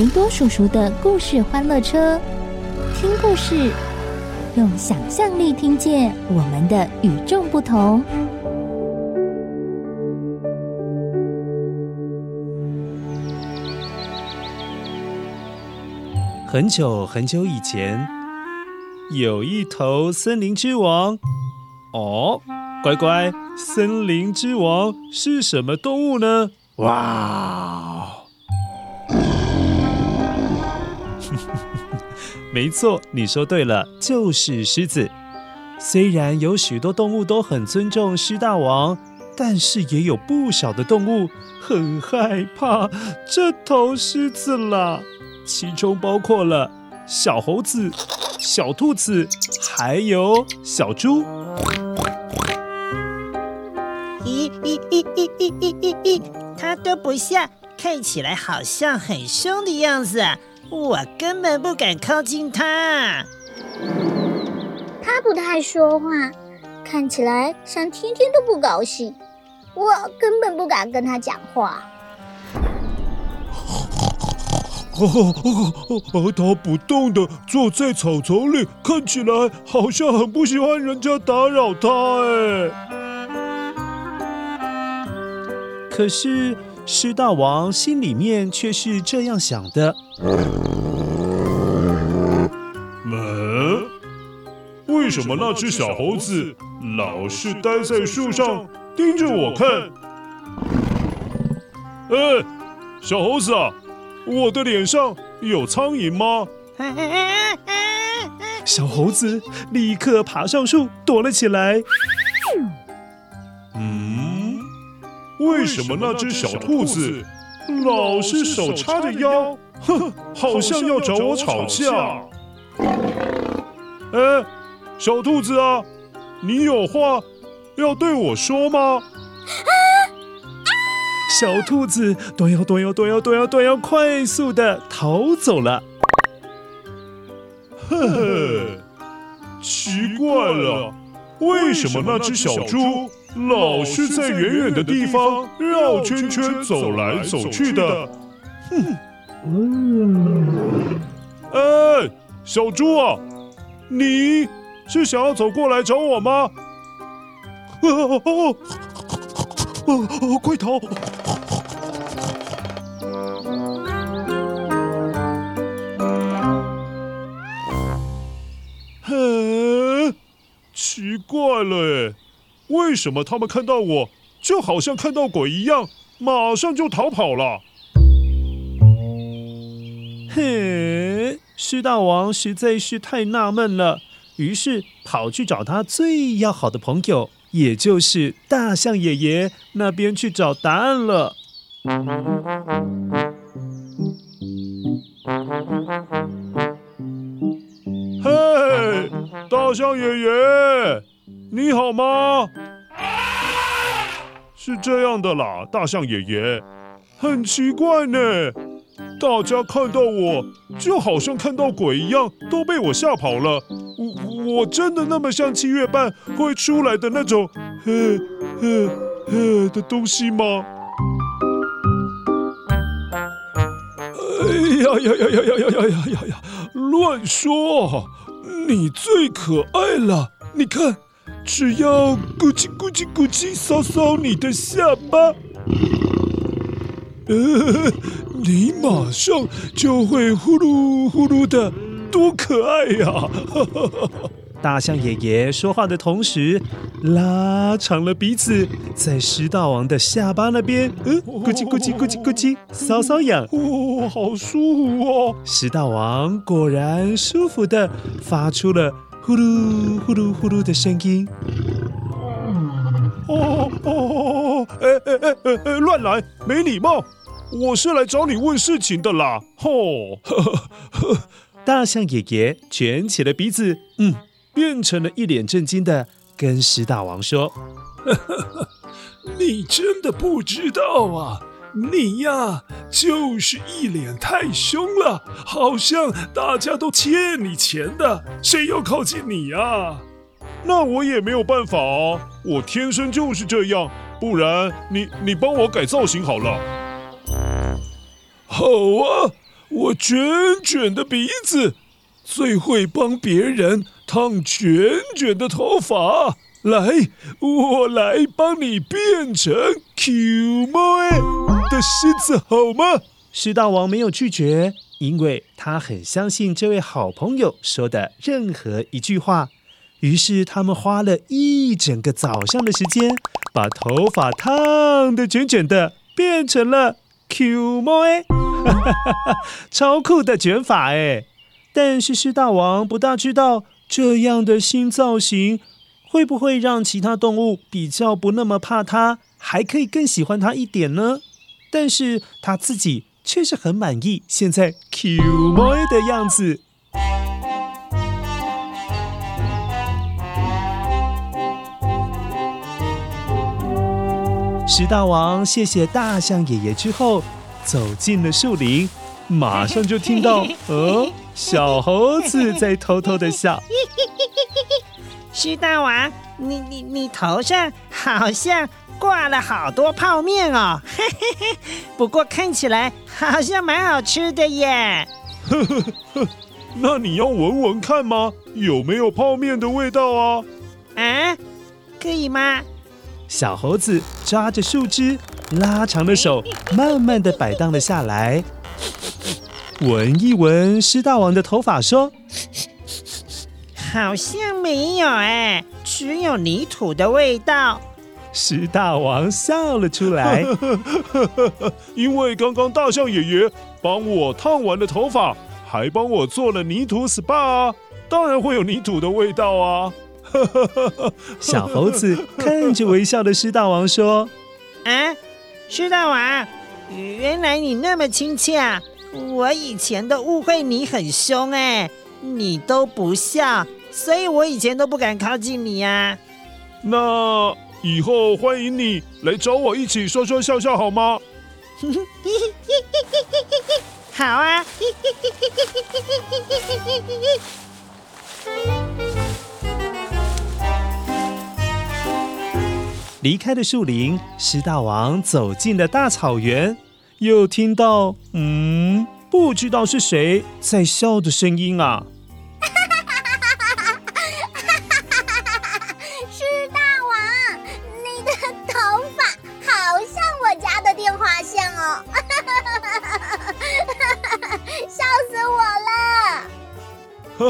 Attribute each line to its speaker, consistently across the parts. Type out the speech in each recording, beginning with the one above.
Speaker 1: 維多叔叔的故事歡樂車，聽故事，用想象力聽見我們的與眾不同。
Speaker 2: 很久很久以前，有一頭森林之王。哦，乖乖，森林之王是什麼動物呢？哇哦！沒錯，你說對了，就是獅子。雖然有許多動物都很尊重獅大王，但是也有不少的動物很害怕這頭獅子啦，其中包括了小猴子、小兔子，還有小豬。
Speaker 1: 它都不像，看起來好像很凶的樣子。我根本不敢靠近他，他不太說話，看起來像天天都不高興。我根本不敢跟他講話。
Speaker 2: 他、哦哦哦，不動地坐在草叢裡，看起來好像很不喜歡人家打擾他。哎，可是。獅大王心裡面卻是這樣想的。嗯，為什麼那隻小猴子老是待在樹上盯着我看？哎，小猴子啊，我的臉上有蒼蠅嗎？小猴子立刻爬上樹躲了起來。為什麼那隻小兔子老是手叉着腰，哼，好像要找我吵架。哎，小兔子啊，你有話要對我說嗎？小兔子，躲呀，躲呀，躲呀，躲呀，躲呀，快速的逃走了。呵呵，奇怪了，為什麼那隻小豬老是在遠遠的地方，遠遠的地方繞圈圈走來走去的。哼、嗯！哎，小豬啊，你是想要走過來找我嗎？快、啊、逃！哼、啊啊啊啊啊，奇怪了，哎。為什麼他們看到我就好像看到鬼一樣，馬上就逃跑了？嘿，獅大王實在是太納悶了，於是跑去找他最要好的朋友，也就是大象爺爺那邊去找答案了。嘿，大象爺爺！你好嗎？啊？是這樣的啦，大象爺爺，很奇怪呢。大家看到我，就好像看到鬼一樣，都被我嚇跑了。我我真的那麼像七月半會出來的那種嘿，呃呃呃的東西嗎？哎呀呀呀呀呀呀呀呀呀！亂說！你最可愛了，你看。只要咕嘰咕嘰咕嘰，搔搔你的下巴，呃，你馬上就會呼嚕呼嚕的，多可愛呀、啊！哈哈哈哈。大象爺爺說話的同時，拉長了鼻子，在獅大王的下巴那邊，呃，咕嘰咕嘰咕嘰咕嘰，搔搔癢，哦，好舒服哦！獅大王果然舒服的發出了。呼嚕呼嚕呼嚕的聲音！哦哦哦哦哦哦！哎哎哎哎哎！亂來，沒禮貌！我是來找你問事情的啦！吼！大象爺爺卷起了鼻子，嗯，變成了一臉震驚的，跟獅大王說：“你真的不知道啊，你呀、啊！”就是一臉太兇了，好像大家都欠你錢的，誰要靠近你啊？那我也沒有辦法哦、啊，我天生就是這樣，不然你你幫我改造型好了。好啊，我捲捲的鼻子最會幫別人燙捲捲的頭髮，來，我來幫你變成 Q 毛。的獅子好嗎？獅大王沒有拒絕，因為他很相信這位好朋友說的任何一句話。於是他們花了一整個早上的時間，把頭髮燙得捲捲的，變成了 Q 毛耶哈哈， 超酷的捲髮哎！但是獅大王不大知道，這樣的新造型會不會讓其他動物比較不那麼怕他，還可以更喜歡他一點呢？但是他自己卻是很滿意現在 Q 毛的樣子。獅大王謝謝大象爺爺之後，走進了樹林，馬上就聽到，呃，小
Speaker 1: 猴子在偷偷的笑。嘿嘿嘿嘿嘿，獅大王，你你你頭上好像。掛了好多泡麵哦，呵呵呵，不過看起來好像蠻好吃的耶。
Speaker 2: 那你要聞聞看嗎？有沒有泡麵的味道啊？啊，可以嗎？小猴子抓着樹枝，拉長了手慢慢的擺盪了下來， 聞一聞獅大王的頭髮，
Speaker 1: 說：“好像沒有哎，啊，只有泥土的味道。”獅大王笑了出來，
Speaker 2: 因為剛剛大象爺爺幫我燙完了頭髮，還幫我做了泥土 SPA，當然會有泥土的味道啊。小猴子看着微笑的獅大王說：“
Speaker 1: 啊，獅大王，原來你那麼親切啊！我以前都誤會你很凶哎，你都不笑，所以我以前都不敢靠近你呀。
Speaker 2: 那……”以後歡迎你來找我一起說說笑笑，好嗎？
Speaker 1: 好啊！
Speaker 2: 離 開的樹林，獅大王走進了大草原，又聽到嗯，不知道是誰在笑的聲音啊。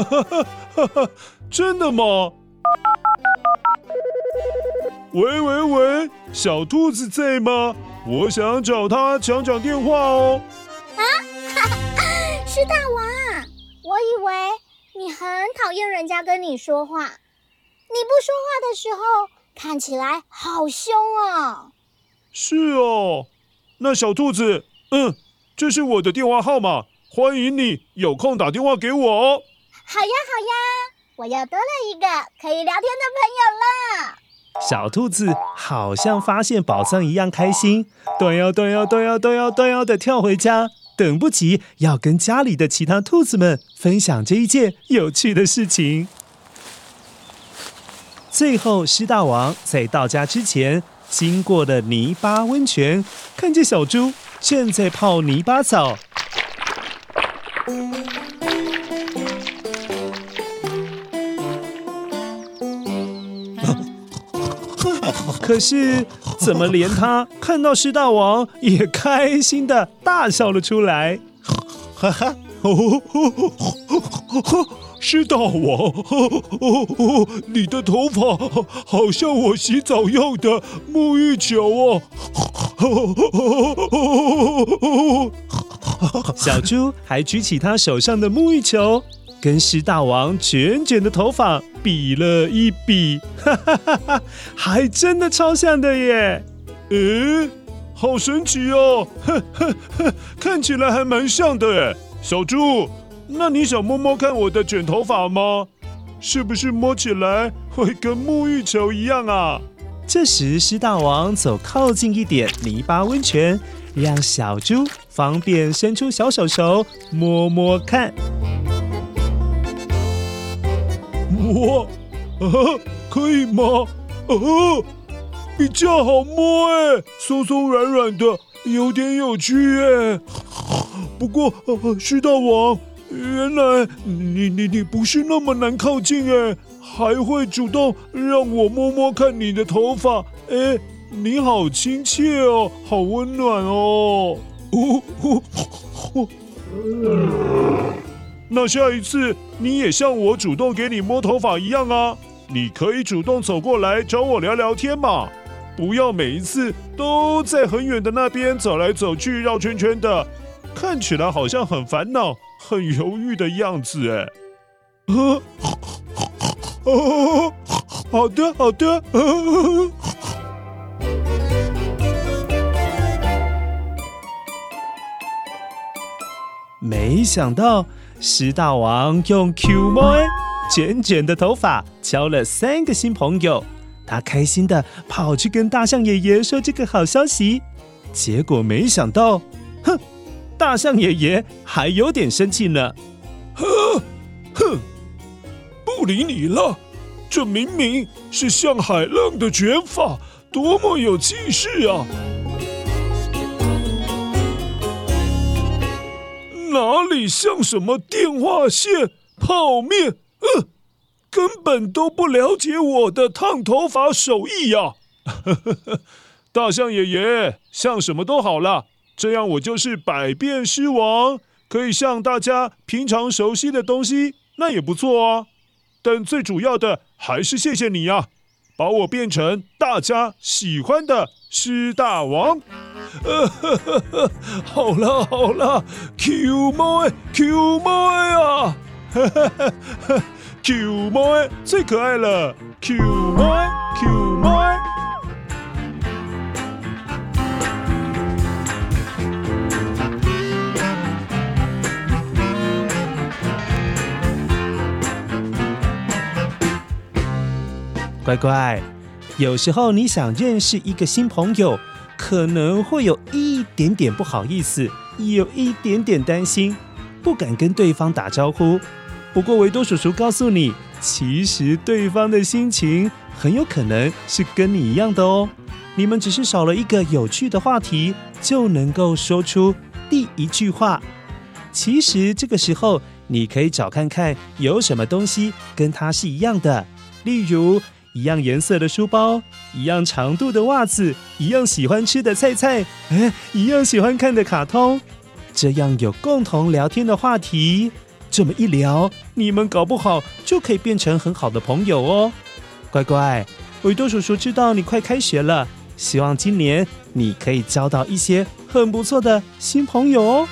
Speaker 2: 哈哈哈哈哈！真的嗎？喂喂喂，小兔子在嗎？我想找他講講電話哦。啊，
Speaker 1: 是大王啊，我以為你很討厭人家跟你說話。你不說話的時候看起來好凶哦。
Speaker 2: 是哦，那小兔子，嗯，這是我的電話號碼，歡迎你有空打電話給我哦。
Speaker 1: 好呀好呀，我又多了一個可以聊天的朋友了。
Speaker 2: 小兔子好像發現寶藏一樣開心，斷腰斷腰斷腰斷腰斷腰的跳回家，等不及要跟家裡的其他兔子們分享這一件有趣的事情。最後，獅大王在到家之前經過了泥巴溫泉，看見小豬正在泡泥巴澡。嗯可是，怎麼連他看到獅大王也開心的大笑了出來？哈哈！哦哦哦哦哦！獅大王！哦哦哦！你的頭髮好像我洗澡用的沐浴球哦！哦哦哦哦哦哦哦！小豬還舉起他手上的沐浴球。跟獅大王捲捲的頭髮比了一比，哈哈哈哈，還真的超像的耶！誒、欸，好神奇哦，呵呵呵，看起來還蠻像的耶。小豬，那你想摸摸看我的捲頭髮嗎？是不是摸起來會跟沐浴球一樣啊？這時，獅大王走靠近一點泥巴溫泉，讓小豬方便伸出小手手摸摸看。我，可以嗎？比較好摸哎，松松軟軟的，有點有趣哎。不過，獅大王，原來你你你不是那麼難靠近哎，還會主動讓我摸摸看你的頭髮哎，你好親切哦、喔，好溫暖哦、喔喔。那下一次你也像我主動給你摸頭髮一樣啊！你可以主動走過來找我聊聊天嘛，不要每一次都在很遠的那邊走來走去繞圈圈的，看起來好像很煩惱、很猶豫的樣子哎。呃。好的好的。沒想到。獅大王用 Q 毛捲捲的頭髮交了三個新朋友，他開心的跑去跟大象爺爺說這個好消息，結果沒想到，哼，大象爺爺還有點生氣呢，哼，哼，不理你了，這明明是像海浪的捲髮，多麼有氣勢啊！哪裡像什麼電話線、泡麵？嗯、呃，根本都不了解我的燙頭髮手藝呀、啊！ 大象爺爺，像什麼都好了，這樣我就是百變獅王，可以像大家平常熟悉的東西，那也不錯啊、哦。但最主要的還是謝謝你呀、啊！把我變成大家喜歡的獅大王，呃，呵呵呵，好了好了，Q 毛 Q 毛啊，Q 毛最可愛了，Q 毛 Q。乖乖，有時候你想認識一個新朋友，可能會有一點點不好意思，有一點點擔心，不敢跟對方打招呼。不過維多叔叔告訴你，其實對方的心情很有可能是跟你一樣的哦。你們只是少了一個有趣的話題，就能夠說出第一句話。其實這個時候，你可以找看看有什麼東西跟他是一樣的，例如，一樣顏色的書包，一樣長度的襪子，一樣喜歡吃的菜菜，哎、嗯，一樣喜歡看的卡通，這樣有共同聊天的話題，這麼一聊，你們搞不好就可以變成很好的朋友哦。乖乖，維多叔叔知道你快開學了，希望今年你可以交到一些很不錯的新朋友哦。